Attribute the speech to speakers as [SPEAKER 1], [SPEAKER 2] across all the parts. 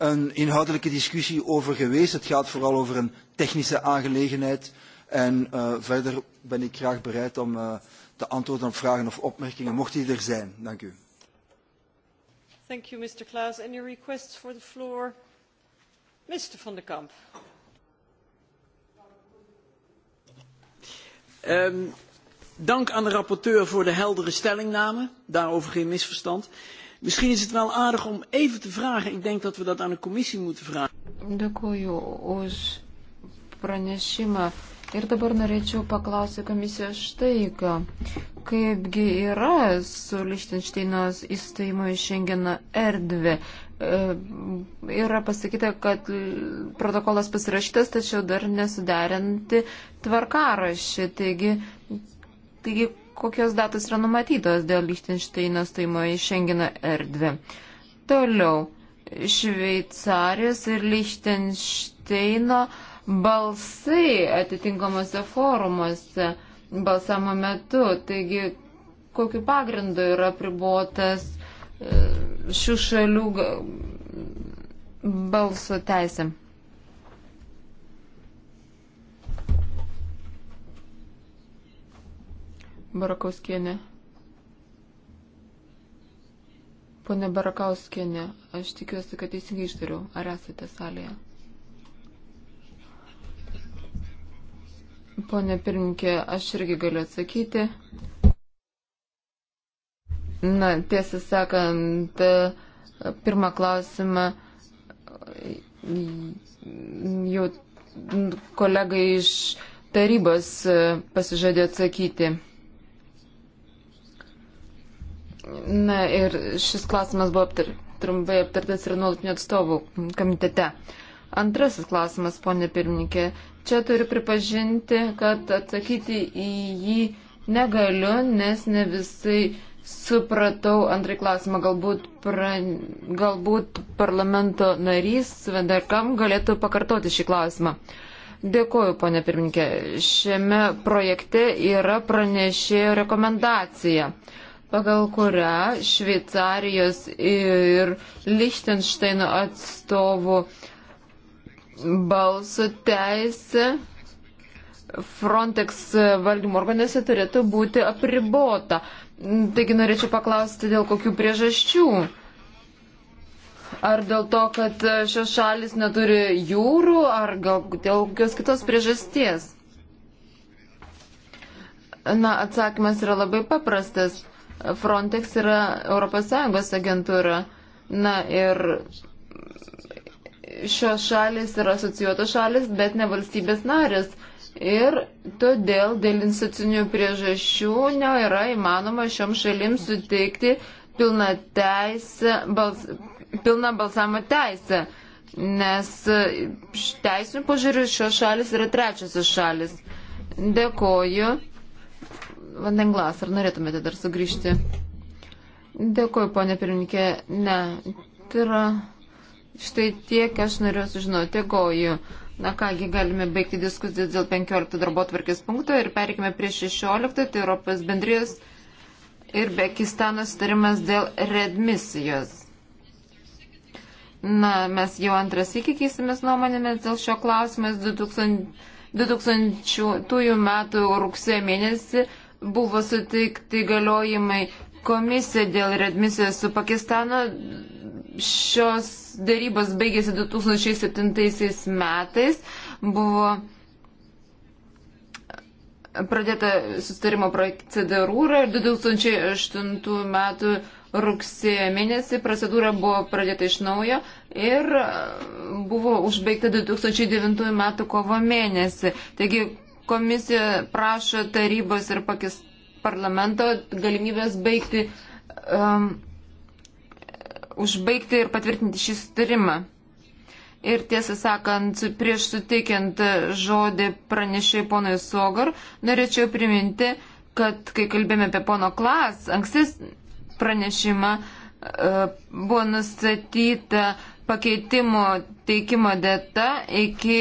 [SPEAKER 1] een inhoudelijke discussie over geweest. Het gaat vooral over een technische aangelegenheid. En uh, verder ben ik graag bereid om uh, te antwoorden op vragen of opmerkingen, mocht die er zijn. Dank u.
[SPEAKER 2] Thank you, Mr. Klaas. Any requests for the floor? Mr. van de Kamp. Um, dank aan de rapporteur voor de heldere stellingname. Daarover geen misverstand. Uh, Misschien is het wel aardig om even te vragen. Ik denk dat we dat aan de commissie moeten vragen. Dėkuoju už pranešimą. Ir dabar norėčiau paklausyti komisijos štai, ką. kaipgi yra su Lichtensteinos įstojimu į Šengeno erdvę. E, yra pasakyta, kad protokolas pasirašytas, tačiau dar nesuderinti tvarkarašį. Taigi, taigi kokios datos yra numatytos dėl Lichtensteino stojimo į Šengino erdvę. Toliau, Šveicarijos ir Lichtensteino balsai atitinkamuose forumuose balsamo metu. Taigi, kokiu pagrindu yra pribuotas e, šių šalių balso teisė. Barakauskienė. Pone Barakauskienė, aš tikiuosi, kad teisingai ištariu. Ar esate salėje? Pone pirmininkė, aš irgi galiu atsakyti. Na, tiesą sakant, pirmą klausimą jau kolegai iš tarybos pasižadė atsakyti. Na ir šis klausimas buvo aptar, trumpai aptartas ir nuolatinių atstovų komitete. Antrasis klausimas, ponė pirmininkė. Čia turiu pripažinti, kad atsakyti į jį negaliu, nes ne visai supratau antrąjį klausimą. Galbūt, pra, galbūt parlamento narys Venderkam galėtų pakartoti šį klausimą. Dėkuoju, ponė pirmininkė. Šiame projekte yra pranešėjo rekomendacija. Uh, pagal kurią Šveicarijos ir Lichtensteino atstovų balsų teisė Frontex valdymo organuose turėtų būti apribota. Taigi norėčiau paklausti, dėl kokių priežasčių. Ar dėl to, kad šios šalis neturi jūrų, ar gal dėl kokios kitos priežasties? Na, atsakymas yra labai paprastas. Frontex yra ES agentūra. Na ir šios šalis yra asocijuotos šalis, bet ne valstybės narės. Ir todėl dėl institucinių priežasčių nėra įmanoma šiom šalim suteikti pilną, teisę, bals, pilną balsavimo teisę, nes teisinių požiūrių šios šalis yra trečiasis šalis. Dėkoju. Vandenglas, ar norėtumėte dar sugrįžti? Dėkuoju, ponė pirmininkė. Ne, tai yra štai tiek aš noriu sužinoti. Dėkuoju. Na kągi, galime baigti diskusijas dėl 15 darbo tvarkės punkto ir perikime prie 16, tai Europos bendrijos ir Bekistano sutarimas dėl redmisijos. Na, mes jau antras iki keisimės nuomonėmis dėl šio klausimės 2000. 2000 metų rugsėjo mėnesį buvo suteikti galiojimai komisija dėl redmisijos su Pakistanu. Šios darybos baigėsi 2007 metais. Buvo pradėta sustarimo procedūra ir 2008 metų rugsėjo mėnesį procedūra buvo pradėta iš naujo ir buvo užbaigta 2009 metų kovo mėnesį. Taigi Komisija prašo tarybos ir pakis, parlamento galimybės baigti, um, užbaigti ir patvirtinti šį sutarimą. Ir tiesą sakant, prieš sutikiant žodį pranešėjai ponui Sogar, norėčiau priminti, kad kai kalbėjome apie pono Klas, anksis pranešimą, uh, buvo nustatyta Pakeitimo teikimo data iki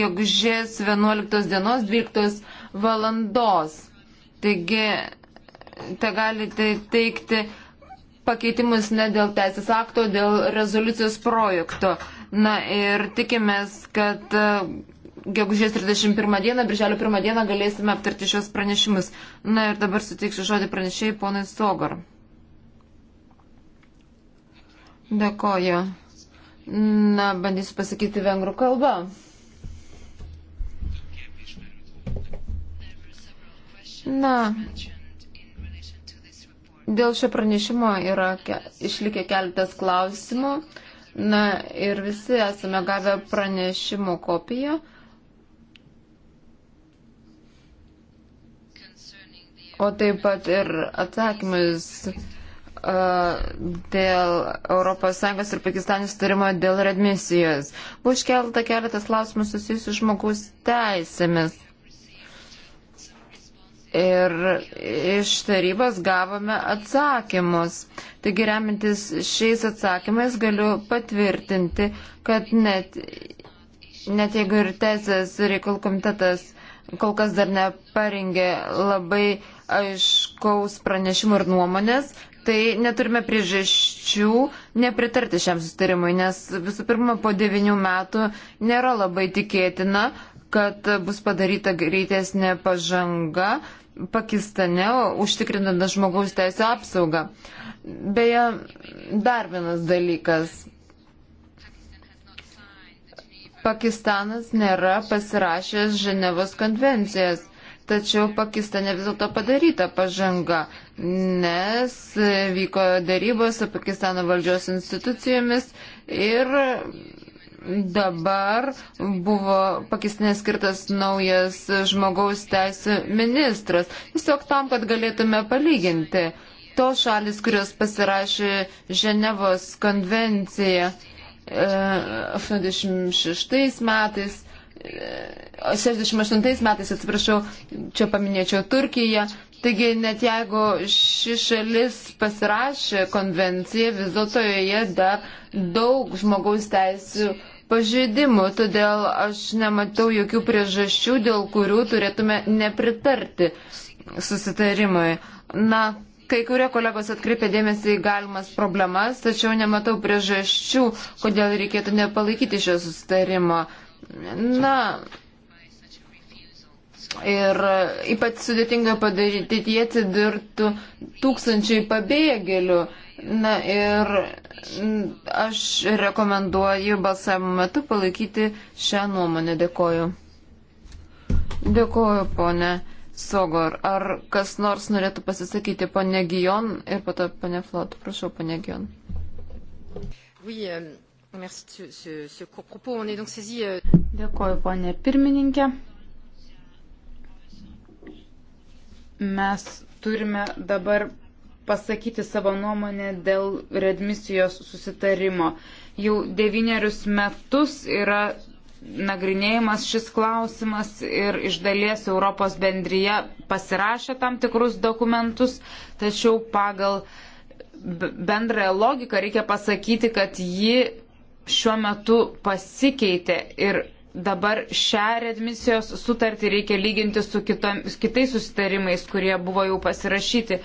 [SPEAKER 2] gegužės 11 dienos 12 valandos. Taigi, te galite teikti pakeitimus ne dėl teisės akto, dėl rezoliucijos projekto. Na ir tikimės, kad e, gegužės 31 dieną, birželio 1 dieną galėsime aptarti šios pranešimus. Na ir dabar suteiksiu žodį pranešėjai ponai Sogar. Dėkoju. Na, bandysiu pasakyti vengrų kalbą. Na, dėl šio pranešimo yra ke, išlikę keletas klausimų. Na ir visi esame gavę pranešimo kopiją. O taip pat ir atsakymus dėl ES ir Pakistano sutarimo dėl redmisijos. Buvo iškelta keletas klausimų susijusių žmogaus teisėmis. Ir iš tarybos gavome atsakymus. Taigi remintis šiais atsakymais galiu patvirtinti, kad net, net jeigu ir teisės reikalų komitetas kol kas dar neparengė labai aiškaus pranešimų ir nuomonės, tai neturime priežasčių nepritarti šiam sustarimui, nes visų pirma, po devinių metų nėra labai tikėtina, kad bus padaryta greitesnė pažanga Pakistane, užtikrinant žmogaus teisę apsaugą. Beje, dar vienas dalykas. Pakistanas nėra pasirašęs Ženevos konvencijas. Tačiau Pakistane vis dėlto padaryta pažanga, nes vyko darybos su Pakistano valdžios institucijomis ir dabar buvo Pakistane skirtas naujas žmogaus teisų ministras. Tiesiog tam, kad galėtume palyginti tos šalis, kurios pasirašė Ženevos konvenciją 86 e, metais 68 metais, atsiprašau, čia paminėčiau Turkiją. Taigi net jeigu ši šalis pasirašė konvenciją, vis dėlto joje dar daug žmogaus teisų pažeidimų, todėl aš nematau jokių priežasčių, dėl kurių turėtume nepritarti susitarimui. Na, kai kurie kolegos atkreipė dėmesį į galimas problemas, tačiau nematau priežasčių, kodėl reikėtų nepalaikyti šio susitarimo. Na, ir ypač sudėtinga padaryti, jie atsidurtų tūkstančiai pabėgėlių. Na ir aš rekomenduoju balsavimo metu palaikyti šią nuomonę. Dėkoju. Dėkoju, ponė Sogor. Ar kas nors norėtų pasisakyti, ponė Gijon ir po to ponė Flot. Prašau, ponė Gijon. Oui, um... Euh,
[SPEAKER 3] Dėkuoju, ponė pirmininkė. Mes turime dabar pasakyti savo nuomonę dėl redmisijos susitarimo. Jau devynerius metus yra nagrinėjimas šis klausimas ir iš dalies Europos bendryje pasirašė tam tikrus dokumentus, tačiau pagal bendrąją logiką reikia pasakyti, kad ji šiuo metu pasikeitė ir dabar šią redmisijos sutartį reikia lyginti su kitom, kitais susitarimais, kurie buvo jau pasirašyti.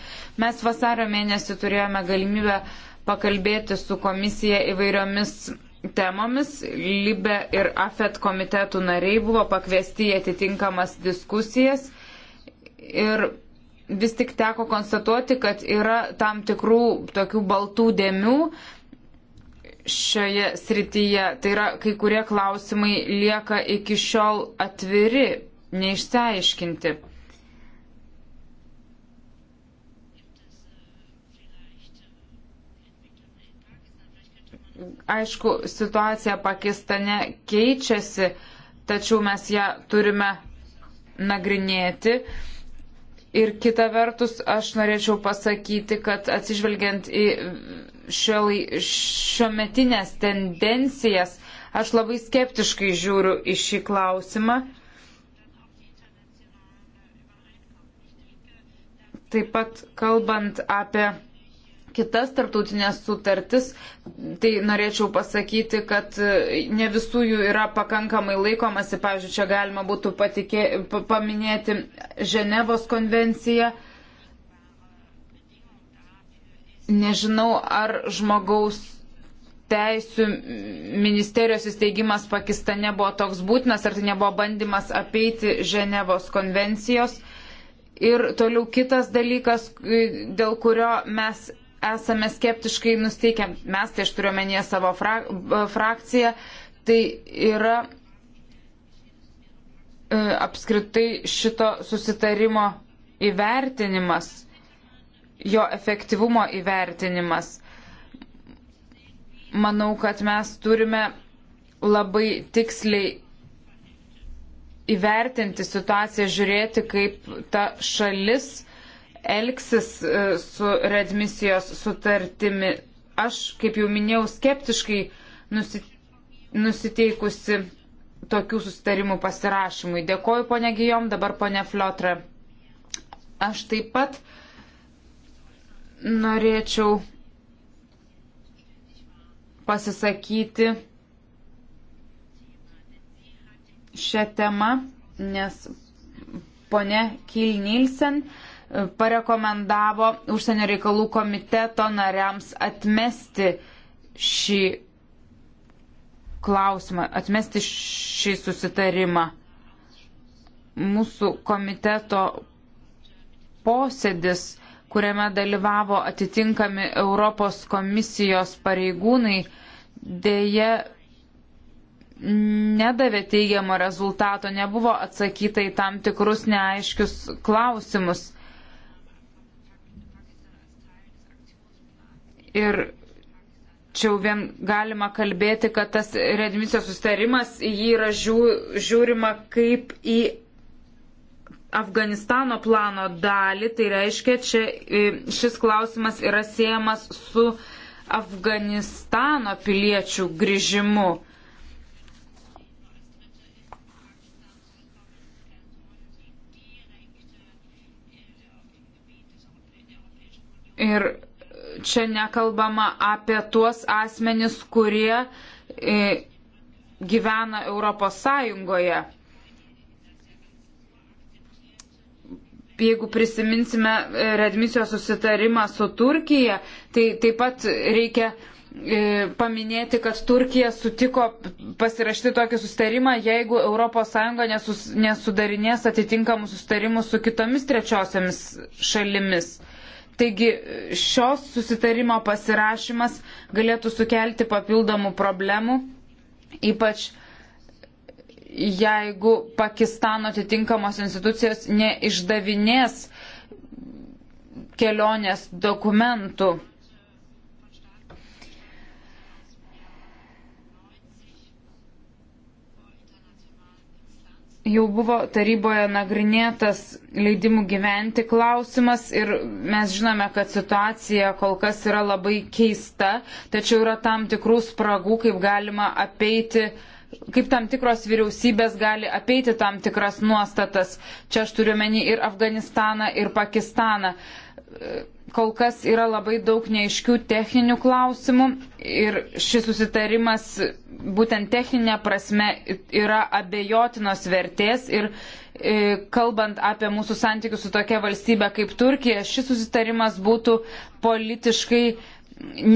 [SPEAKER 3] Mes vasario mėnesį turėjome galimybę pakalbėti su komisija įvairiomis temomis. Libe ir AFET komitetų nariai buvo pakviesti į atitinkamas diskusijas. Ir vis tik teko konstatuoti, kad yra tam tikrų tokių baltų dėmių, šioje srityje. Tai yra, kai kurie klausimai lieka iki šiol atviri, neišsiaiškinti. Aišku, situacija Pakistane keičiasi, tačiau mes ją turime nagrinėti. Ir kita vertus, aš norėčiau pasakyti, kad atsižvelgiant į šio, šio metinės tendencijas, aš labai skeptiškai žiūriu į šį klausimą. Taip pat kalbant apie kitas tarptautinės sutartis, tai norėčiau pasakyti, kad ne visų jų yra pakankamai laikomasi. Pavyzdžiui, čia galima būtų patikė, paminėti Ženevos konvenciją. Nežinau, ar žmogaus teisų ministerijos įsteigimas Pakistane buvo toks būtinas, ar tai nebuvo bandymas apeiti Ženevos konvencijos. Ir toliau kitas dalykas, dėl kurio mes esame skeptiškai nusteikę, mes tai aš turiu menyje savo frak, frakciją, tai yra e, apskritai šito susitarimo įvertinimas jo efektyvumo įvertinimas. Manau, kad mes turime labai tiksliai įvertinti situaciją, žiūrėti, kaip ta šalis elgsis e, su redmisijos sutartimi. Aš, kaip jau minėjau, skeptiškai nusiteikusi tokių sustarimų pasirašymui. Dėkoju, ponė Gijom, dabar ponė Fliotra. Aš taip pat uh, norėčiau pasisakyti šią temą, nes ponė Kil Nilsen parekomendavo užsienio reikalų komiteto nariams atmesti šį klausimą, atmesti šį susitarimą. Mūsų komiteto posėdis kuriame dalyvavo atitinkami Europos komisijos pareigūnai, dėje nedavė teigiamo rezultato, nebuvo atsakyta į tam tikrus neaiškius klausimus. Ir čia jau vien galima kalbėti, kad tas redmisijos sustarimas į jį yra žiūrima kaip į Afganistano plano dalį, tai reiškia, čia e, šis klausimas yra siejamas su Afganistano piliečių grįžimu. Ir čia nekalbama apie tuos asmenis, kurie e, gyvena Europos Sąjungoje. jeigu prisiminsime e, redmisijos susitarimą su Turkija, tai taip pat reikia e, paminėti, kad Turkija sutiko pasirašyti tokį sustarimą, jeigu ES nesus, nesudarinės atitinkamų sustarimų su kitomis trečiosiamis šalimis. Taigi e, šios susitarimo pasirašymas galėtų sukelti papildomų problemų, ypač uh, jeigu Pakistano atitinkamos institucijos neišdavinės kelionės dokumentų. Jau buvo taryboje nagrinėtas leidimų gyventi klausimas ir mes žinome, kad situacija kol kas yra labai keista, tačiau yra tam tikrų spragų, kaip galima apeiti uh, kaip tam tikros vyriausybės gali apeiti tam tikras nuostatas. Čia aš turiu menį ir Afganistaną, ir Pakistaną. Kol kas yra labai daug neaiškių techninių klausimų ir šis susitarimas būtent techninė prasme yra abejotinos vertės ir e, kalbant apie mūsų santykius su tokia valstybė kaip Turkija, šis susitarimas būtų politiškai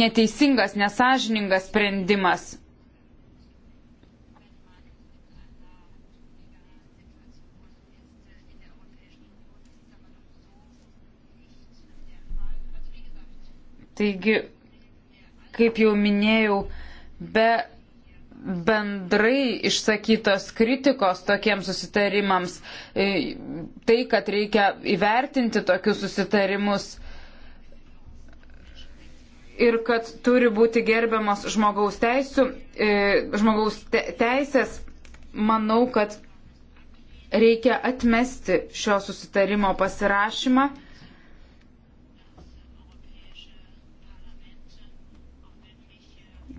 [SPEAKER 3] neteisingas, nesažiningas sprendimas Taigi, kaip jau minėjau, be bendrai išsakytos kritikos tokiems susitarimams, e, tai, kad reikia įvertinti tokius susitarimus ir kad turi būti gerbiamas žmogaus, teisų, e, žmogaus teisės, manau, kad reikia atmesti šio susitarimo pasirašymą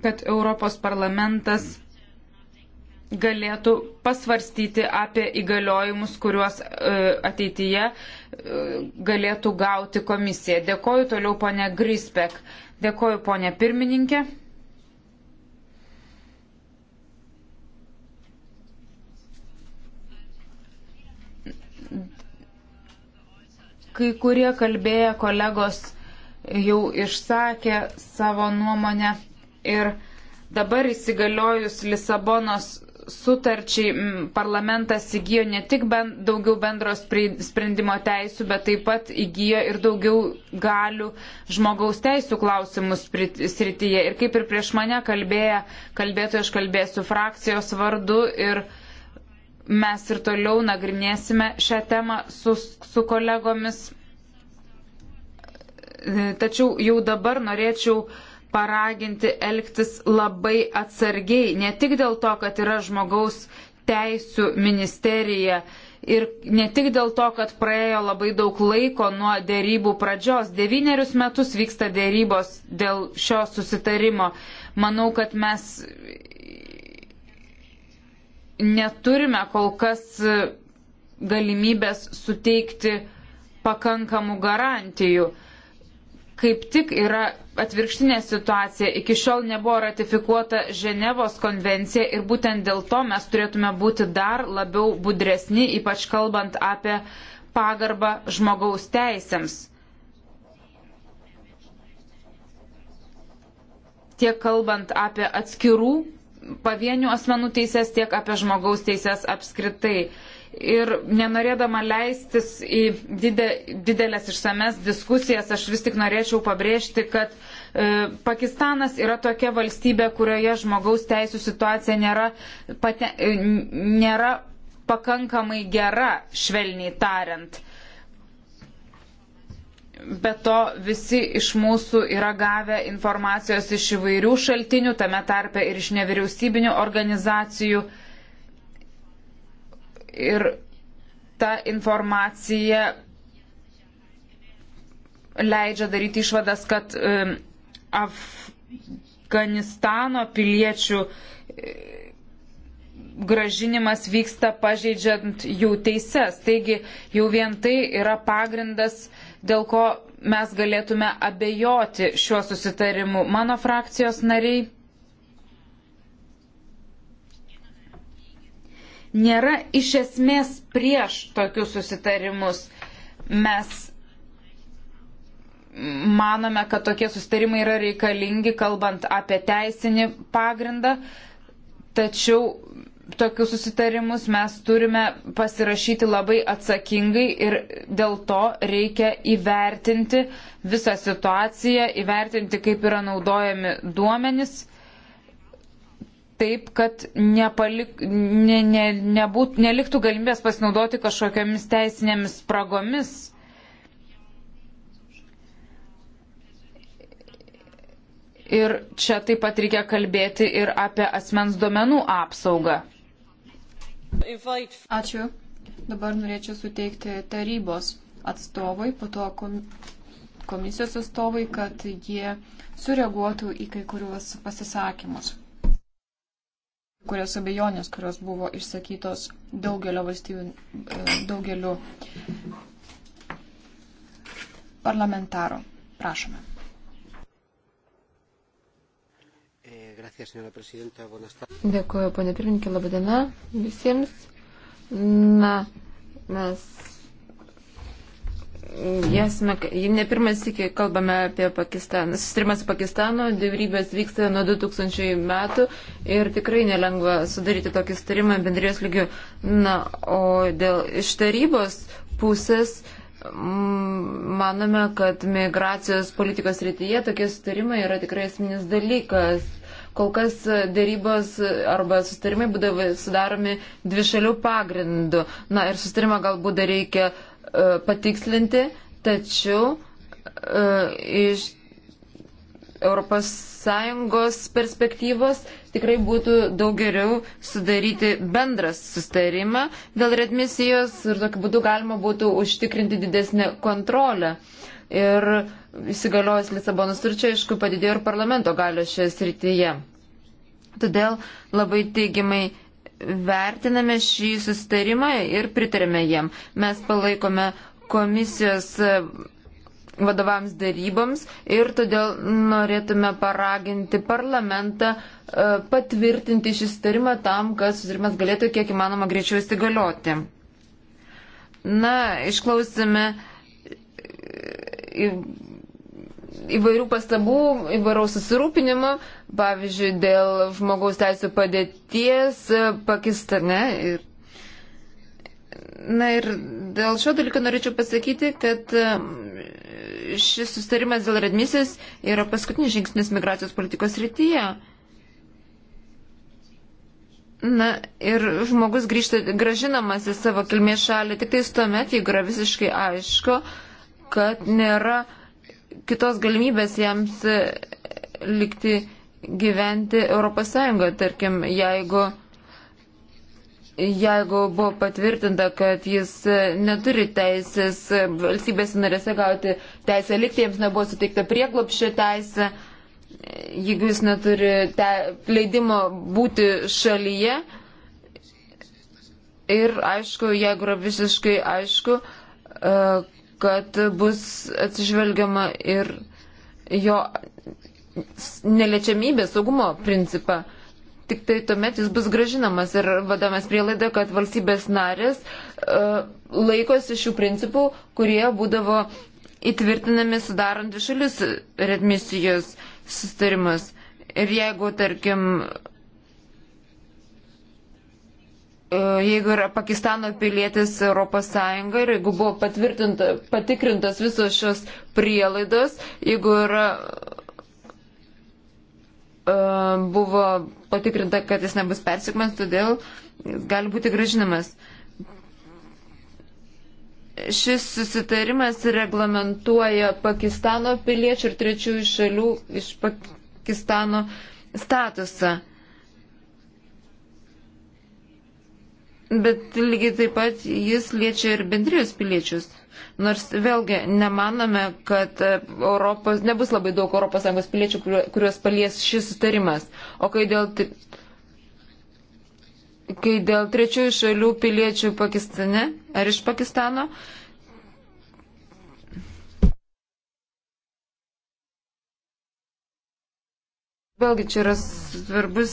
[SPEAKER 3] kad Europos parlamentas galėtų pasvarstyti apie įgaliojimus, kuriuos e, ateityje e, galėtų gauti komisija. Dėkoju toliau ponė Grispek. Dėkoju ponė pirmininkė. Kai kurie kalbėję kolegos jau išsakė savo nuomonę ir dabar įsigaliojus Lisabonos sutarčiai parlamentas įgyjo ne tik ben, daugiau bendros sprendimo teisų, bet taip pat įgyjo ir daugiau galių žmogaus teisų klausimų srityje. Ir kaip ir prieš mane kalbėję, kalbėtų aš kalbėsiu frakcijos vardu ir mes ir toliau nagrinėsime šią temą su, su kolegomis. Tačiau jau dabar norėčiau uh, paraginti elgtis labai atsargiai, ne tik dėl to, kad yra žmogaus teisų ministerija ir ne tik dėl to, kad praėjo labai daug laiko nuo dėrybų pradžios. Devynerius metus vyksta dėrybos dėl šio susitarimo. Manau, kad mes neturime kol kas galimybės suteikti pakankamų garantijų. Kaip tik yra atvirkštinė situacija. Iki šiol nebuvo ratifikuota Ženevos konvencija ir būtent dėl to mes turėtume būti dar labiau budresni, ypač kalbant apie pagarbą žmogaus teisėms. Tiek kalbant apie atskirų pavienių asmenų teises, tiek apie žmogaus teises apskritai ir nenorėdama leistis į didelės išsames diskusijas, aš vis tik norėčiau pabrėžti, kad e, Pakistanas yra tokia valstybė, kurioje žmogaus teisų situacija nėra, pate, e, nėra pakankamai gera, švelniai tariant. Be to visi iš mūsų yra gavę informacijos iš įvairių šaltinių, tame tarpe ir iš nevyriausybinių organizacijų. Uh, ir ta informacija leidžia daryti išvadas, kad Afganistano piliečių e, gražinimas vyksta pažeidžiant jų teises. Taigi jau vien tai yra pagrindas, dėl ko mes galėtume abejoti šiuo susitarimu. Mano frakcijos nariai nėra iš esmės prieš tokius susitarimus. Mes manome, kad tokie susitarimai yra reikalingi, kalbant apie teisinį pagrindą, tačiau tokius susitarimus mes turime pasirašyti labai atsakingai ir dėl to reikia įvertinti visą situaciją, įvertinti, kaip yra naudojami duomenys taip, kad nepalik, ne, ne, nebūt, neliktų galimybės pasinaudoti kažkokiamis teisinėmis spragomis. Ir čia taip pat reikia kalbėti ir apie asmens duomenų apsaugą.
[SPEAKER 4] Ačiū. Dabar norėčiau suteikti tarybos atstovui, po to komisijos atstovui, kad jie sureaguotų į kai kuriuos pasisakymus kurias abejonės, kurios buvo išsakytos daugelio valstybių, e, daugeliu parlamentaro. Prašome.
[SPEAKER 2] E, Dėkuoju,
[SPEAKER 4] ponė pirmininkė, labadiena visiems.
[SPEAKER 2] Na, mes Esame, ne pirmas iki kalbame apie Pakistaną. Sustrimas Pakistano, dėrybės vyksta nuo 2000 metų ir tikrai nelengva sudaryti tokį sustarimą bendrijos lygių. Na, o dėl iš tarybos pusės mm, manome, kad migracijos politikos rytyje tokie sustarimai yra tikrai esminis dalykas kol kas dėrybos arba sustarimai būdavo sudaromi dvišalių pagrindų. Na ir sustarimą galbūt dar reikia E, patikslinti, tačiau e, iš ES perspektyvos tikrai būtų daug geriau sudaryti bendras sustarimą dėl redmisijos ir tokiu būdu galima būtų užtikrinti didesnį kontrolę. Ir įsigaliojus Lisabonos turčia, aišku, padidėjo ir parlamento galio šioje srityje. Todėl labai teigiamai vertiname šį sustarimą ir pritarėme jam. Mes palaikome komisijos e, vadovams daryboms ir todėl norėtume paraginti parlamentą e, patvirtinti šį sustarimą tam, kad sustarimas galėtų kiek įmanoma greičiau įsigalioti. Na, išklausime e, įvairių pastabų, įvairaus susirūpinimo, pavyzdžiui, dėl žmogaus teisų padėties e, Pakistane. Ir, na ir dėl šio dalyko norėčiau pasakyti, kad e, šis sustarimas dėl redmisės yra paskutinis žingsnis migracijos politikos rytyje. Na ir žmogus grįžta, gražinamas į savo kilmės šalį tik tais tuomet, jeigu yra visiškai aišku, kad nėra uh, kitos galimybės jiems e, likti gyventi ES, tarkim, jeigu, jeigu buvo patvirtinta, kad jis e, neturi teisės e, valstybės narėse gauti teisę likti, jiems nebuvo suteikta prieglopščio teisė, jeigu jis neturi te, leidimo būti šalyje. Ir aišku, jeigu yra visiškai aišku, uh, kad bus atsižvelgiama ir jo neliečiamybės saugumo principą. Tik tai tuomet jis bus gražinamas ir vadamas prielaida, kad valstybės narės uh, laikosi šių principų, kurie būdavo įtvirtinami sudarant dvišalius redmisijos sustarimus. Ir jeigu, tarkim, E, jeigu yra Pakistano pilietis ES ir jeigu buvo patikrintas visos šios prielaidos, jeigu yra, e, buvo patikrinta, kad jis nebus persikmas, todėl gali būti gražinamas. Šis susitarimas reglamentuoja Pakistano piliečių ir trečiųjų šalių iš Pakistano statusą. Bet lygiai taip pat jis liečia ir bendrijos piliečius. Nors vėlgi nemanome, kad e, Europos, nebus labai daug ES piliečių, kuriuos palies šis sutarimas. O kai dėl, kai dėl trečiųjų šalių piliečių Pakistane ar iš Pakistano, uh, Vėlgi čia yra svarbus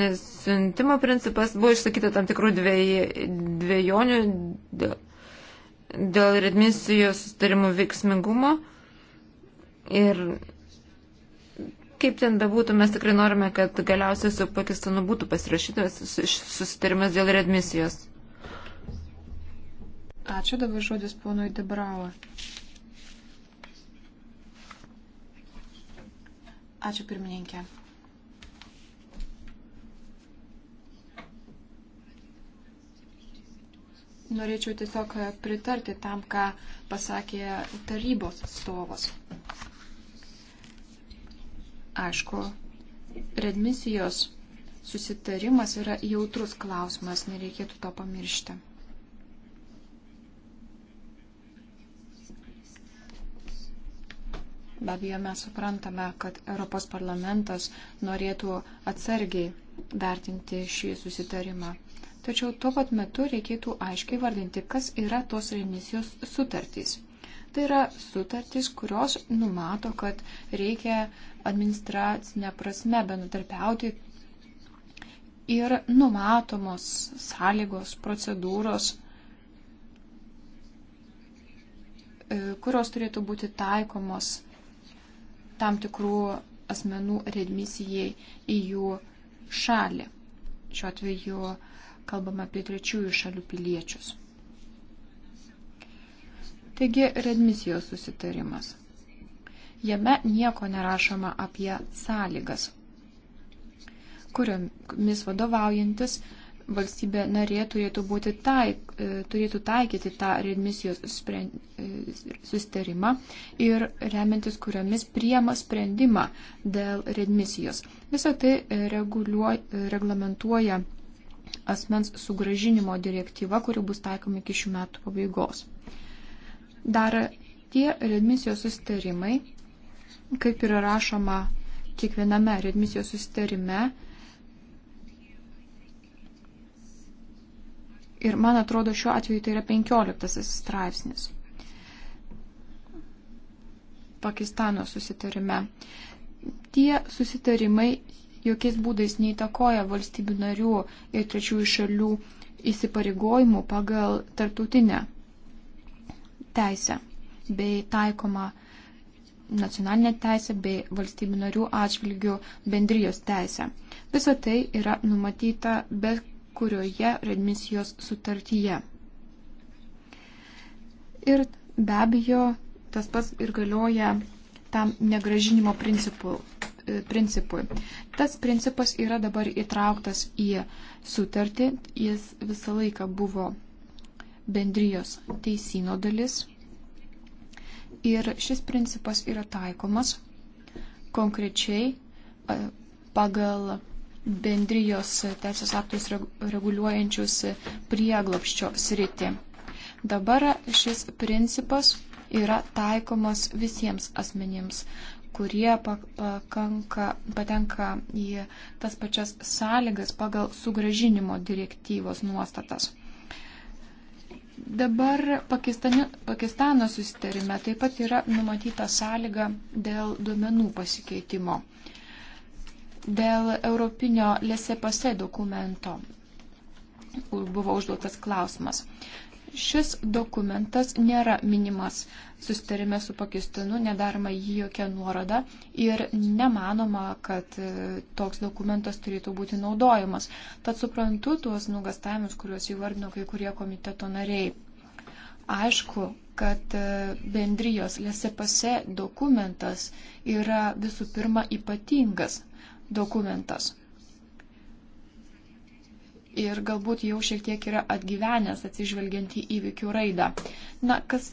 [SPEAKER 2] nesintimo principas. Buvo išsakyta tam tikrų dviej, dviejonių dėl, dėl redmisijos sustarimų veiksmingumo. Ir kaip ten bebūtų, mes tikrai norime, kad galiausiai su Pakistanu būtų pasirašytas susitarimas dėl redmisijos.
[SPEAKER 4] Ačiū dabar žodis ponui Debrauer. Ačiū pirmininkė. Norėčiau tiesiog pritarti tam, ką pasakė tarybos atstovas. Aišku, redmisijos susitarimas yra jautrus klausimas, nereikėtų to pamiršti. Be abejo, mes suprantame, kad Europos parlamentas norėtų atsargiai vertinti šį susitarimą. Tačiau tuo pat metu reikėtų aiškiai vardinti, kas yra tos remisijos sutartys. Tai yra sutartys, kurios numato, kad reikia administracinę prasme bendradarbiauti ir numatomos sąlygos, procedūros, e, kurios turėtų būti taikomos tam tikrų asmenų redmisijai į jų šalį. Šiuo atveju kalbame apie trečiųjų šalių piliečius. Taigi redmisijos susitarimas. Jame nieko nerašoma apie sąlygas, kuriomis vadovaujantis valstybė narė turėtų, būti taik, e, turėtų taikyti tą readmisijos e, sustarimą ir remiantis kuriomis priema sprendimą dėl readmisijos. Visą tai e, reglamentuoja asmens sugražinimo direktyva, kuri bus taikoma iki šių metų pabaigos. Dar tie readmisijos sustarimai, kaip yra rašoma kiekviename readmisijos sustarime, Ir man atrodo, šiuo atveju tai yra 15 straipsnis Pakistano susitarime. Tie susitarimai jokiais būdais neįtakoja valstybių narių ir trečiųjų šalių įsipareigojimų pagal tartutinę teisę bei taikomą nacionalinę teisę bei valstybių narių atžvilgių bendrijos teisę. Visa tai yra numatyta bet kurioje redmisijos sutartyje. Ir be abejo, tas pats ir galioja tam negražinimo principu, e, principui. Tas principas yra dabar įtrauktas į sutartį, jis visą laiką buvo bendrijos teisino dalis. Ir šis principas yra taikomas konkrečiai e, pagal bendrijos teisės aktus reguliuojančius prieglopščio sritį. Dabar šis principas yra taikomas visiems asmenims, kurie pakanka, patenka į tas pačias sąlygas pagal sugražinimo direktyvos nuostatas. Dabar Pakistano susitarime taip pat yra numatyta sąlyga dėl duomenų pasikeitimo. Dėl Europinio Lesepose dokumento buvo užduotas klausimas. Šis dokumentas nėra minimas sustarime su Pakistanu, nedaroma jį jokia nuoroda ir nemanoma, kad e, toks dokumentas turėtų būti naudojamas. Tad suprantu tuos nugastavimus, kuriuos įvardino kai kurie komiteto nariai. Aišku, kad e, bendrijos lesepase dokumentas yra visų pirma ypatingas dokumentas. Ir galbūt jau šiek tiek yra atgyvenęs atsižvelgiant į įvykių raidą. Na, kas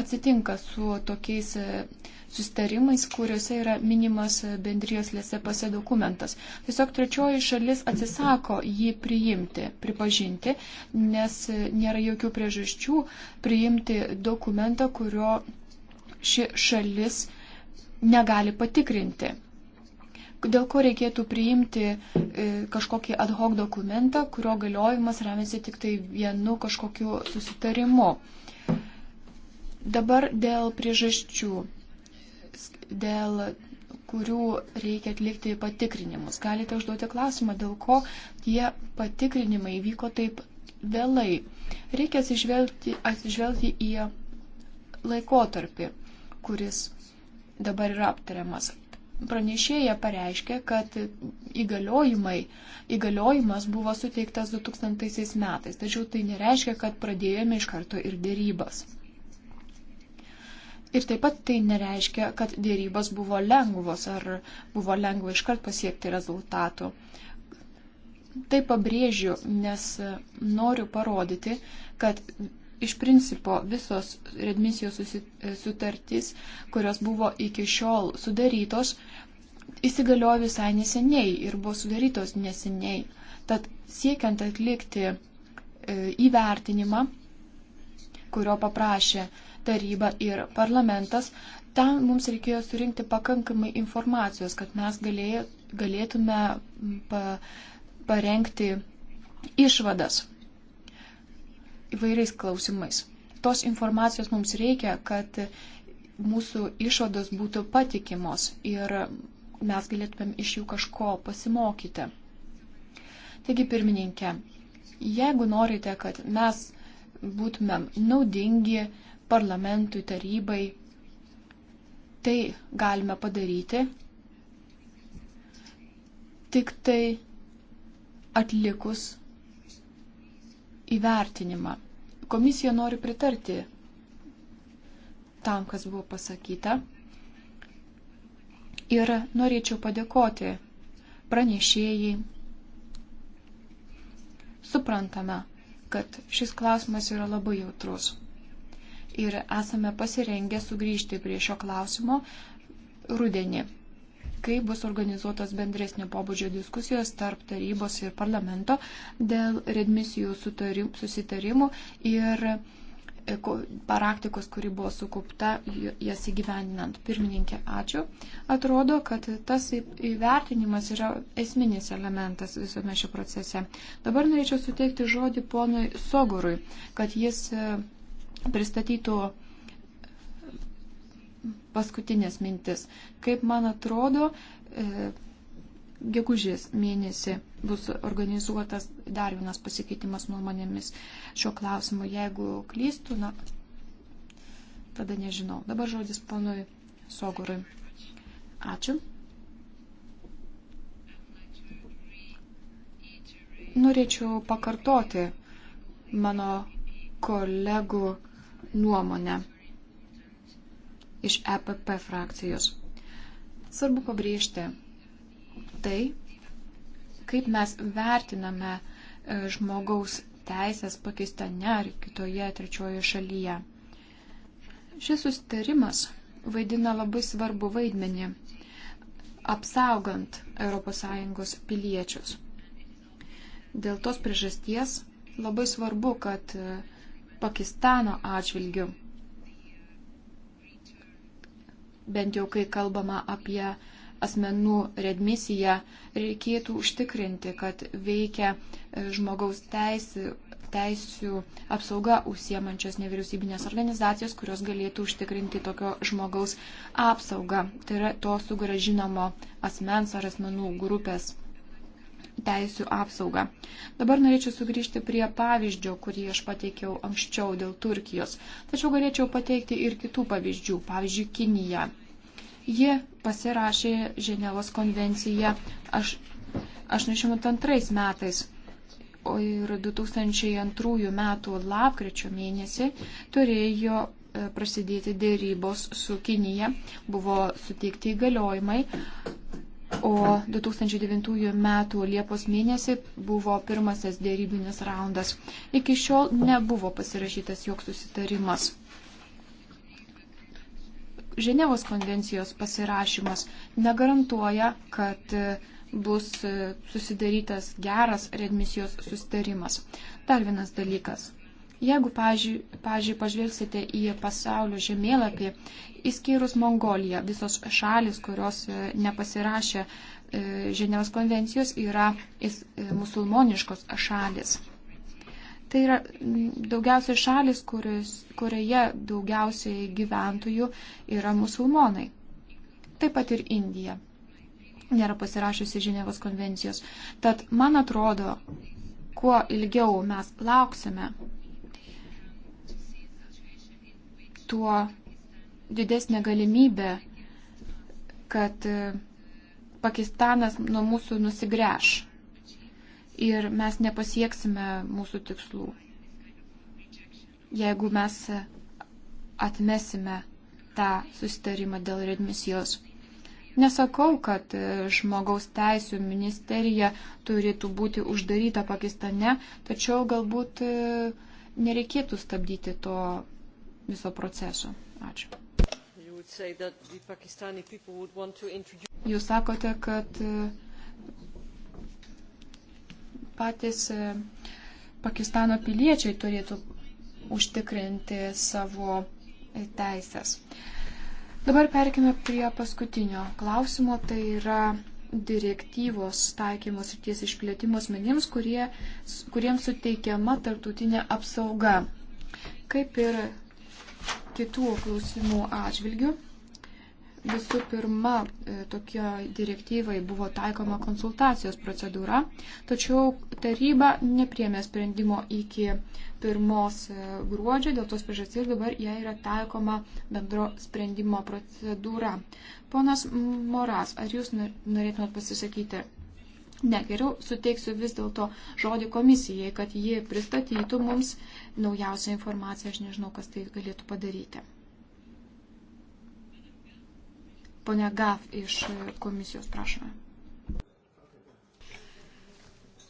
[SPEAKER 4] atsitinka su tokiais e, sustarimais, kuriuose yra minimas e, bendrijos lėsepose dokumentas. Tiesiog trečioji šalis atsisako jį priimti, pripažinti, nes e, nėra jokių priežasčių priimti dokumentą, kurio ši šalis negali patikrinti dėl ko reikėtų priimti e, kažkokį ad hoc dokumentą, kurio galiojimas remiasi tik tai vienu kažkokiu susitarimu. Dabar dėl priežasčių, dėl kurių reikia atlikti patikrinimus. Galite užduoti klausimą, dėl ko tie patikrinimai vyko taip vėlai. Reikia atsižvelgti, atsižvelgti į laikotarpį, kuris dabar yra aptariamas pranešėja pareiškė, kad įgaliojimai, įgaliojimas buvo suteiktas 2000 metais, tačiau tai nereiškia, kad pradėjome iš karto ir dėrybas. Ir taip pat tai nereiškia, kad dėrybos buvo lengvos ar buvo lengva iškart pasiekti rezultatų. Tai pabrėžiu, nes noriu parodyti, kad iš principo visos redmisijos sutartys, kurios buvo iki šiol sudarytos, įsigaliojo visai neseniai ir buvo sudarytos neseniai. Tad siekiant atlikti e, įvertinimą, kurio paprašė taryba ir parlamentas, ten mums reikėjo surinkti pakankamai informacijos, kad mes galėtume parengti išvadas įvairiais klausimais. Tos informacijos mums reikia, kad mūsų išvados būtų patikimos ir mes galėtumėm iš jų kažko pasimokyti. Taigi, pirmininkė, jeigu norite, kad mes būtumėm naudingi parlamentui, tarybai, tai galime padaryti tik tai atlikus įvertinimą. Komisija nori pritarti tam, kas buvo pasakyta. Ir norėčiau padėkoti pranešėjai. Suprantame, kad šis klausimas yra labai jautrus. Ir esame pasirengę sugrįžti prie šio klausimo rudenį kai bus organizuotos bendresnio pobūdžio diskusijos tarp tarybos ir parlamento dėl redmisijų susitarimų ir e, praktikos, kuri buvo sukaupta jas įgyvendinant. Pirmininkė, ačiū. Atrodo, kad tas įvertinimas yra esminis elementas visame šio procese. Dabar norėčiau suteikti žodį ponui Sogurui, kad jis e, pristatytų paskutinės mintis. Kaip man atrodo, e, gegužės mėnesį bus organizuotas dar vienas pasikeitimas nuomonėmis šio klausimu. Jeigu klystų, na, tada nežinau. Dabar žodis ponui Sogurui. Ačiū. Norėčiau pakartoti mano kolegų nuomonę iš EPP frakcijos. Svarbu pabrėžti tai, kaip mes vertiname e, žmogaus teisės Pakistane ar kitoje trečiojo šalyje. Šis sustarimas vaidina labai svarbu vaidmenį, apsaugant ES piliečius. Dėl tos priežasties labai svarbu, kad e, Pakistano atžvilgių bent jau kai kalbama apie asmenų redmisiją, reikėtų užtikrinti, kad veikia e, žmogaus teisų, teisų apsauga užsiemančios nevyriausybinės organizacijos, kurios galėtų užtikrinti tokio žmogaus apsaugą. Tai yra to sugražinamo asmens ar asmenų grupės teisų apsaugą. Dabar norėčiau sugrįžti prie pavyzdžio, kurį aš pateikiau anksčiau dėl Turkijos. Tačiau galėčiau pateikti ir kitų pavyzdžių, pavyzdžiui, Kinija. Ji pasirašė Ženevos konvenciją 82 metais. O ir 2002 metų lapkričio mėnesį turėjo e, prasidėti dėrybos su Kinija, buvo suteikti įgaliojimai O 2009 metų Liepos mėnesį buvo pirmasis dėrybinis raundas. Iki šiol nebuvo pasirašytas joks susitarimas. Ženevos konvencijos pasirašymas negarantuoja, kad bus susidarytas geras redmisijos susitarimas. Dar vienas dalykas. Jeigu, pažiūrėjau, pažvelgsite į pasaulio žemėlapį, įskyrus Mongoliją, visos šalis, kurios e, nepasirašė e, Ženevos konvencijos, yra e, musulmoniškos šalis. Tai yra daugiausiai šalis, kuris, kurioje daugiausiai gyventojų yra musulmonai. Taip pat ir Indija nėra pasirašiusi Ženevos konvencijos. Tad man atrodo, kuo ilgiau mes lauksime, tuo didesnė galimybė, kad e, Pakistanas nuo mūsų nusigręš ir mes nepasieksime mūsų tikslų, jeigu mes atmesime tą susitarimą dėl redmisijos. Nesakau, kad e, žmogaus teisų ministerija turėtų būti uždaryta Pakistane, tačiau galbūt e, nereikėtų stabdyti to viso proceso. Ačiū. Jūs sakote, kad e, patys e, Pakistano piliečiai turėtų užtikrinti savo e, teisės. Dabar perkime prie paskutinio klausimo. Tai yra direktyvos taikymos ir ties išplėtimos menims, kurie, kuriems suteikiama tarptautinė apsauga. Kaip ir kitų klausimų atžvilgių. Visų pirma, e, tokio direktyvai buvo taikoma konsultacijos procedūra, tačiau taryba nepriemė sprendimo iki 1 e, gruodžio, dėl tos priežasties dabar jai yra taikoma bendro sprendimo procedūra. Ponas Moras, ar jūs norėtumėt pasisakyti? Ne, geriau suteiksiu vis dėlto žodį komisijai, kad ji pristatytų mums naujausią informaciją, aš nežinau, kas tai galėtų padaryti. Pone Gav iš komisijos, prašome.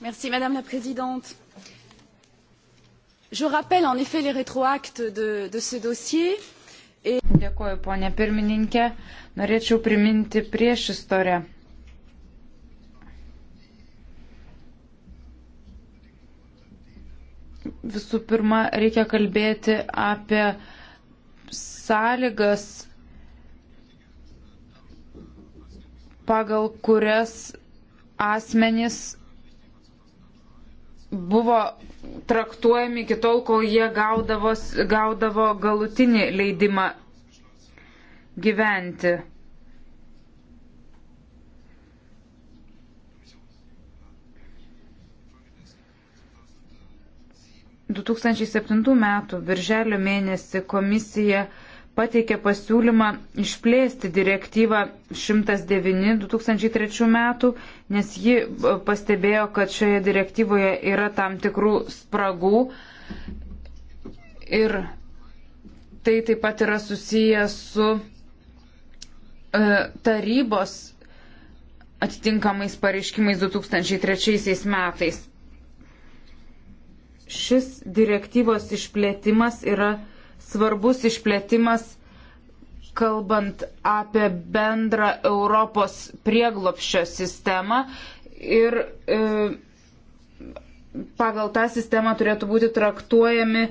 [SPEAKER 4] Merci, Madame la Présidente.
[SPEAKER 3] Je rappelle en effet les rétroactes de, de ce dossier. Et... Dėkuoju, ponė pirmininkė. Norėčiau priminti prieš istoriją. Visų pirma, reikia kalbėti apie sąlygas, pagal kurias asmenys buvo traktuojami iki tol, kol jie gaudavo, gaudavo galutinį leidimą gyventi. 2007 m. birželio mėnesį komisija pateikė pasiūlymą išplėsti direktyvą 109-2003 metų, nes ji e, pastebėjo, kad šioje direktyvoje yra tam tikrų spragų. Ir tai taip pat yra susiję su e, tarybos atitinkamais pareiškimais 2003 metais šis direktyvos išplėtimas yra svarbus išplėtimas, kalbant apie bendrą Europos prieglopščio sistemą. Ir e, pagal tą sistemą turėtų būti traktuojami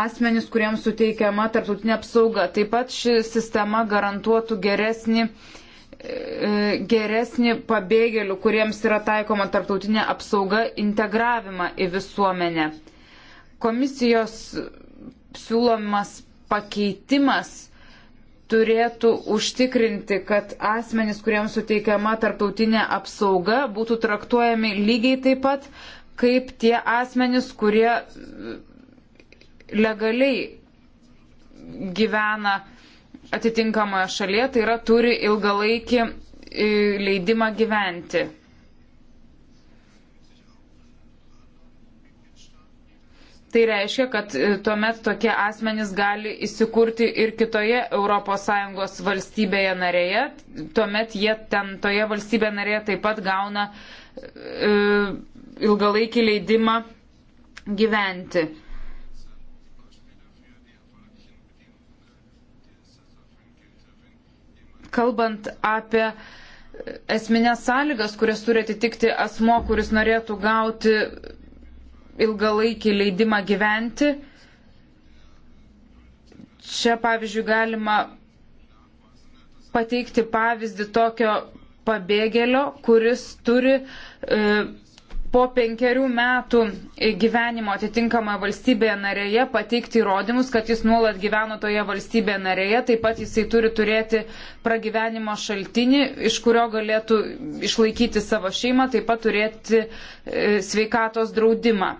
[SPEAKER 3] asmenys, kuriems suteikiama tarptautinė apsauga. Taip pat ši sistema garantuotų geresnį e, geresnį pabėgėlių, kuriems yra taikoma tarptautinė apsauga, integravimą į visuomenę. Komisijos siūlomas pakeitimas turėtų užtikrinti, kad asmenys, kuriems suteikiama tarptautinė apsauga, būtų traktuojami lygiai taip pat, kaip tie asmenys, kurie legaliai gyvena uh, atitinkamoje šalyje, tai yra turi ilgalaikį e, leidimą gyventi. Tai reiškia, kad e, tuomet tokie asmenys gali įsikurti ir kitoje ES valstybėje narėje, tuomet jie ten toje valstybėje narėje taip pat gauna e, ilgalaikį leidimą gyventi. E, kalbant apie esminės sąlygas, kurias turi atitikti asmo, kuris norėtų gauti ilgalaikį leidimą gyventi. Čia, pavyzdžiui, galima pateikti pavyzdį tokio pabėgėlio, kuris turi e, po penkerių metų gyvenimo atitinkamoje valstybėje narėje pateikti įrodymus, kad jis nuolat gyveno toje valstybėje narėje, taip pat jisai turi turėti pragyvenimo šaltinį, iš kurio galėtų išlaikyti savo šeimą, taip pat turėti e, sveikatos draudimą.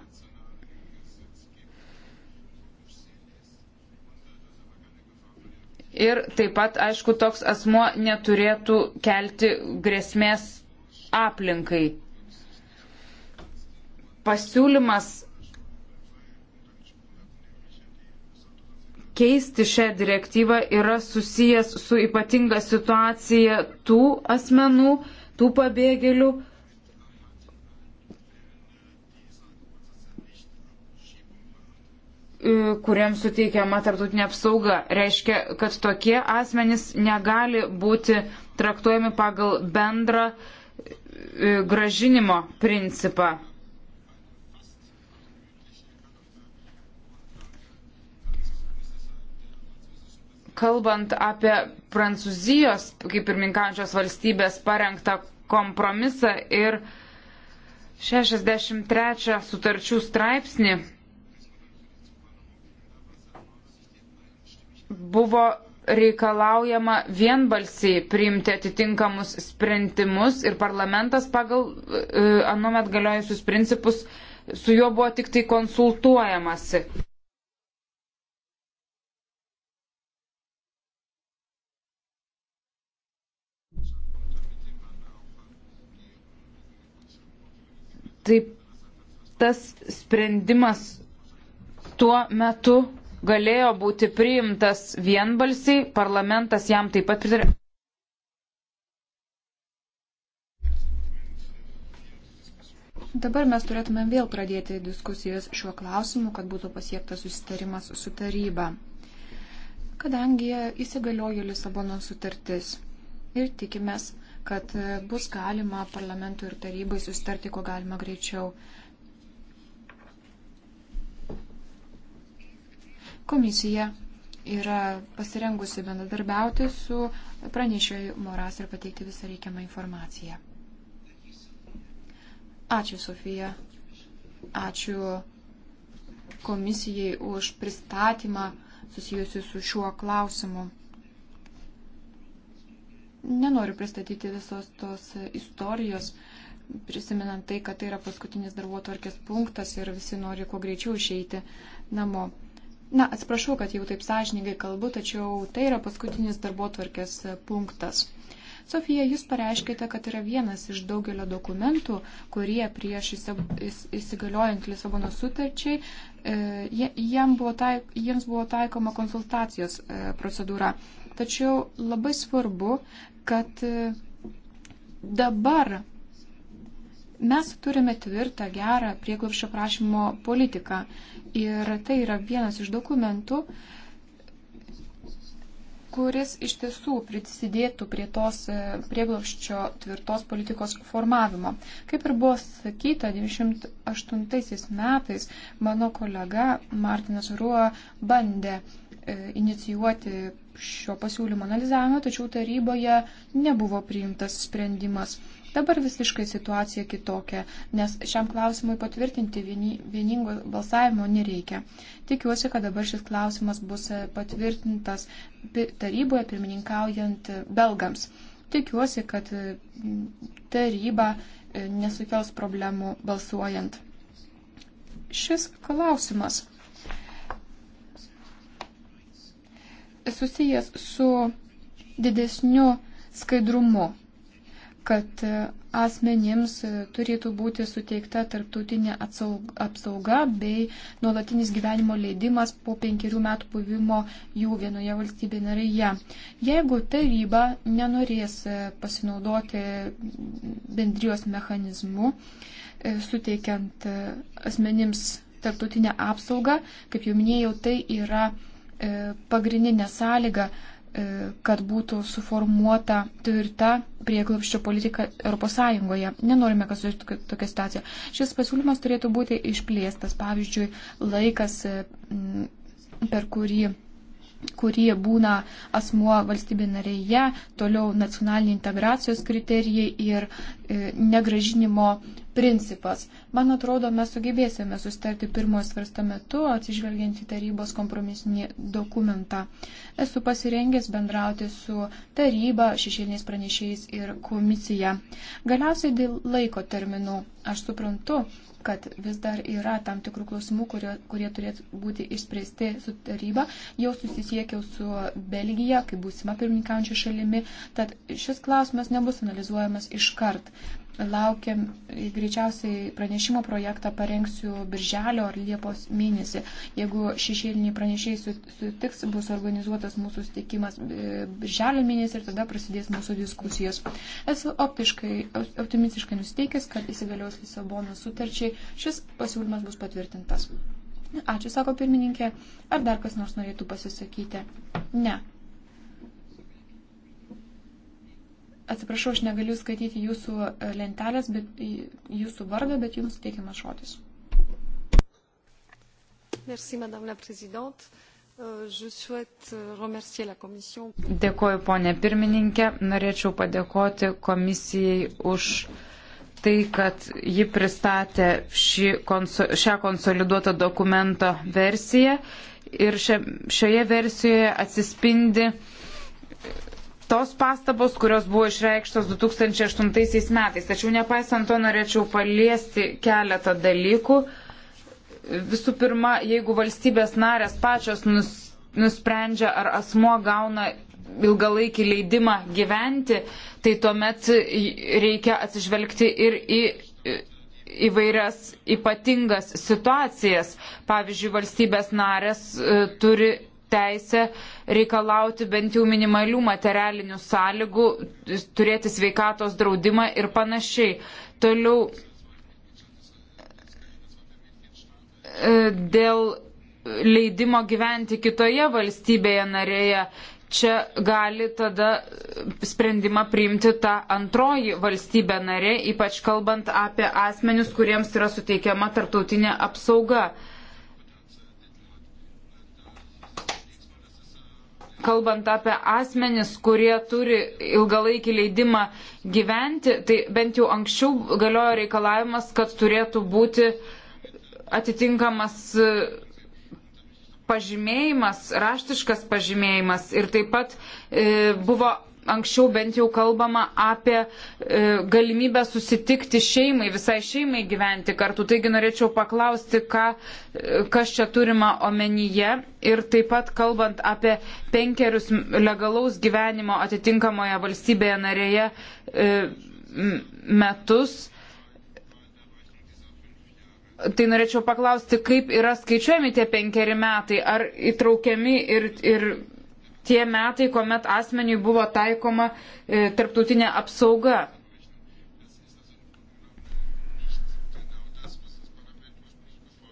[SPEAKER 3] Ir taip pat, aišku, toks asmo neturėtų kelti grėsmės aplinkai pasiūlymas keisti šią direktyvą yra susijęs su ypatinga situacija tų asmenų, tų pabėgėlių, kuriems suteikiama tartutinė apsauga. Reiškia, kad tokie asmenys negali būti traktuojami pagal bendrą e, gražinimo principą. kalbant apie Prancūzijos, kaip ir minkančios valstybės, parengtą kompromisą ir 63 sutarčių straipsnį, buvo reikalaujama vienbalsiai priimti atitinkamus sprendimus ir parlamentas pagal e, anuomet galiojusius principus su juo buvo tik tai konsultuojamasi. taip tas sprendimas tuo metu galėjo būti priimtas vienbalsiai, parlamentas jam taip pat pritarė.
[SPEAKER 4] Dabar mes turėtume vėl pradėti diskusijas šiuo klausimu, kad būtų pasiektas susitarimas su taryba. Kadangi įsigaliojo Lisabono sutartis ir tikimės, kad e, bus galima parlamentui ir tarybai sustarti, ko galima greičiau. Komisija yra pasirengusi bendradarbiauti su pranešėjų Moras ir pateikti visą reikiamą informaciją. Ačiū, Sofija. Ačiū komisijai už pristatymą susijusiu su šiuo klausimu. Nenoriu pristatyti visos tos istorijos, prisimenant tai, kad tai yra paskutinis darbo tvarkės punktas ir visi nori kuo greičiau išeiti namo. Na, atsiprašau, kad jau taip sąžininkai kalbu, tačiau tai yra paskutinis darbo tvarkės punktas. Sofija, jūs pareiškite, kad yra vienas iš daugelio dokumentų, kurie prieš įsigaliojant Lisabono sutarčiai, e, tai-, jiems buvo taikoma konsultacijos e, procedūra. Tačiau labai svarbu, kad e, dabar mes turime tvirtą, gerą prieglopščio prašymo politiką. Ir tai yra vienas iš dokumentų, kuris iš tiesų prisidėtų prie tos e, prieglopščio tvirtos politikos formavimo. Kaip ir buvo sakyta, 98 metais mano kolega Martinas Ruo bandė e, inicijuoti šio pasiūlymo analizavimą, tačiau taryboje nebuvo priimtas sprendimas. Dabar visiškai situacija kitokia, nes šiam klausimui patvirtinti vieningo balsavimo nereikia. Tikiuosi, kad dabar šis klausimas bus patvirtintas taryboje pirmininkaujant belgams. Tikiuosi, kad taryba e, nesukels problemų balsuojant. Šis klausimas susijęs su didesniu skaidrumu, kad asmenims turėtų būti suteikta tarptautinė apsauga bei nuolatinis gyvenimo leidimas po penkerių metų buvimo jų vienoje valstybėje narėje. Jeigu taryba nenorės pasinaudoti bendrijos mechanizmu, e, suteikiant e, asmenims tarptautinę apsaugą, kaip jau minėjau, tai yra E, pagrindinė sąlyga, e, kad būtų suformuota tvirta prieglapščio politika ES. Nenorime, kad sužiūrėtų tokia situacija. Šis pasiūlymas turėtų būti išplėstas. Pavyzdžiui, laikas, e, per kurį kurie būna asmuo valstybė narėje, toliau nacionaliniai integracijos kriterijai ir e, negražinimo principas. Man atrodo, mes sugebėsime sustarti pirmojo svarsto metu, atsižvelgiant į tarybos kompromisinį dokumentą. Esu pasirengęs bendrauti su taryba, šešėliniais pranešėjais ir komisija. Galiausiai dėl laiko terminų. Aš suprantu, kad vis dar yra tam tikrų klausimų, kurie, kurie turėtų būti išspręsti su taryba. Jau susisiekiau su Belgija, kaip būsima pirmininkančia šalimi, tad šis klausimas nebus analizuojamas iškart. Laukiam, greičiausiai pranešimo projektą parengsiu birželio ar liepos mėnesį. Jeigu šešėliniai pranešėjai sutiks, bus organizuotas mūsų stikimas e, birželio mėnesį ir tada prasidės mūsų diskusijos. Esu optiškai, optimistiškai nusteikęs, kad įsigalios Lisabono sutarčiai šis pasiūlymas bus patvirtintas. Ačiū, sako pirmininkė. Ar dar kas nors norėtų pasisakyti? Ne. Atsiprašau, aš negaliu skaityti jūsų e, lentelės, bet e, jūsų vardą, bet jums teikiamas žodis. Merci, madame la présidente. Euh, euh, Dėkoju,
[SPEAKER 3] ponė pirmininkė. Norėčiau padėkoti komisijai už tai, kad ji pristatė šį, šią konsoliduotą dokumento versiją. Ir šioje versijoje atsispindi tos pastabos, kurios buvo išreikštos 2008 metais. Tačiau nepaisant to norėčiau paliesti keletą dalykų. Visų pirma, jeigu valstybės narės pačios nus, nusprendžia, ar asmo gauna ilgalaikį leidimą gyventi, tai tuomet reikia atsižvelgti ir į įvairias ypatingas situacijas. Pavyzdžiui, valstybės narės e, turi teisę reikalauti bent jau minimalių materialinių sąlygų, turėti sveikatos draudimą ir panašiai. Toliau e, dėl leidimo gyventi kitoje valstybėje narėje čia gali tada sprendimą priimti ta antroji valstybė narė, ypač kalbant apie asmenius, kuriems yra suteikiama tartautinė apsauga. kalbant apie asmenis, kurie turi ilgalaikį leidimą gyventi, tai bent jau anksčiau galiojo reikalavimas, kad turėtų būti atitinkamas e, pažymėjimas, raštiškas pažymėjimas ir taip pat e, buvo anksčiau bent jau kalbama apie e, galimybę susitikti šeimai, visai šeimai gyventi kartu. Taigi norėčiau paklausti, ką, e, kas čia turima omenyje. Ir taip pat kalbant apie penkerius legalaus gyvenimo atitinkamoje valstybėje narėje e, metus. Tai norėčiau paklausti, kaip yra skaičiuojami tie penkeri metai, ar įtraukiami ir, ir tie metai, kuomet asmeniui buvo taikoma e, tarptautinė apsauga.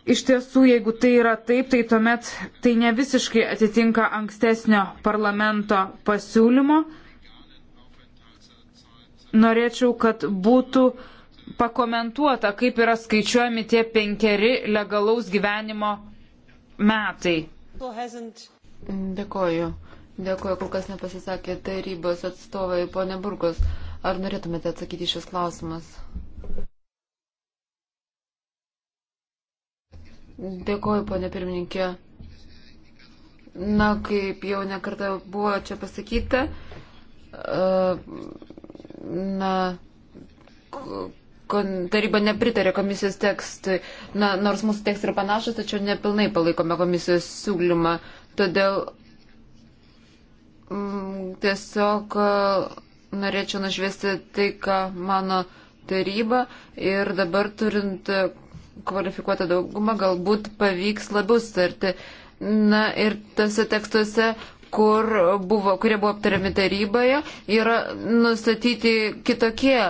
[SPEAKER 3] Iš tiesų, jeigu tai yra taip, tai tuomet tai ne visiškai atitinka ankstesnio parlamento pasiūlymo. Norėčiau, kad būtų pakomentuota, kaip yra skaičiuojami tie penkeri legalaus gyvenimo metai. Dėkoju. Dėkuoju,
[SPEAKER 2] kol kas nepasisakė tarybos atstovai, ponė Burgos. Ar norėtumėte atsakyti šios klausimus? Dėkuoju, ponė pirmininkė. Na, kaip jau nekartą buvo čia pasakyta, e, na, taryba nepritarė komisijos tekstui. Na, nors mūsų tekstai yra panašus, tačiau nepilnai palaikome komisijos siūlymą. Todėl Mm, tiesiog e, norėčiau nušviesti tai, ką mano taryba ir dabar turint kvalifikuotą daugumą galbūt pavyks labiau starti. Na ir tose tekstuose, kur buvo, kurie buvo aptariami taryboje, yra nustatyti kitokie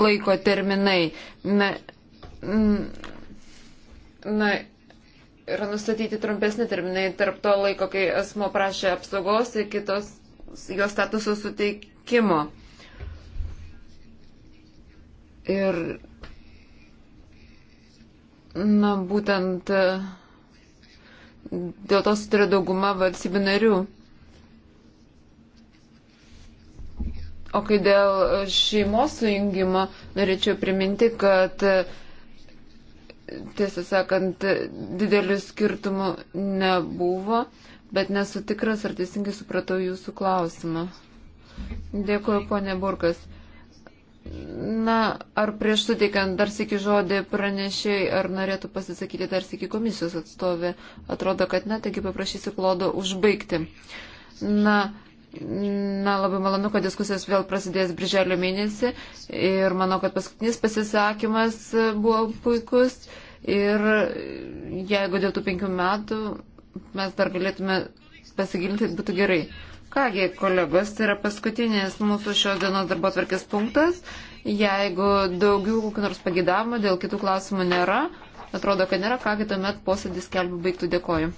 [SPEAKER 2] laiko terminai. Na, na yra nustatyti trumpesni terminai tarp to laiko, kai asmo prašė apsaugos ir kitos jo statuso suteikimo. Ir, na, būtent dėl to sutarė dauguma valstybių narių. O kai dėl šeimos sujungimo, norėčiau priminti, kad uh, tiesą sakant, didelių skirtumų nebuvo, bet nesu tikras, ar teisingai supratau jūsų klausimą. Dėkuoju, ponė Burkas. Na, ar prieš suteikiant dar sėki žodį pranešiai, ar norėtų pasisakyti dar sėki komisijos atstovė? Atrodo, kad ne, taigi paprašysiu klodo užbaigti. Na, Na, labai malonu, kad diskusijos vėl prasidės brželio mėnesį ir manau, kad paskutinis pasisakymas buvo puikus. Ir jeigu dėl tų penkių metų mes dar galėtume pasigilinti, tai būtų gerai. Kągi, kolegos, tai yra paskutinis mūsų šio dienos darbo atvarkės punktas. Jeigu daugiau kokių nors pagidavimų dėl kitų klausimų nėra, atrodo, kad nėra, kągi tuomet posėdis kelbų baigtų. Dėkoju.